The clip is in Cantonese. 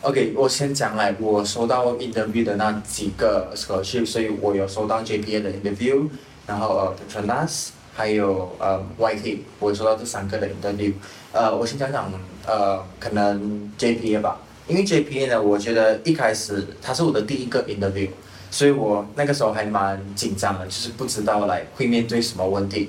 OK，我先講來，我收到 interview 的那幾個，scholarship，所以我有收到 JPA 的 interview，然後呃 Translands，還有呃 YT，我收到這三個的 interview。呃，我先講講呃，可能 JPA 吧，因為 JPA 呢，我覺得一開始它是我的第一個 interview，所以我那個時候還蠻緊張的，就是不知道來會面對什麼問題。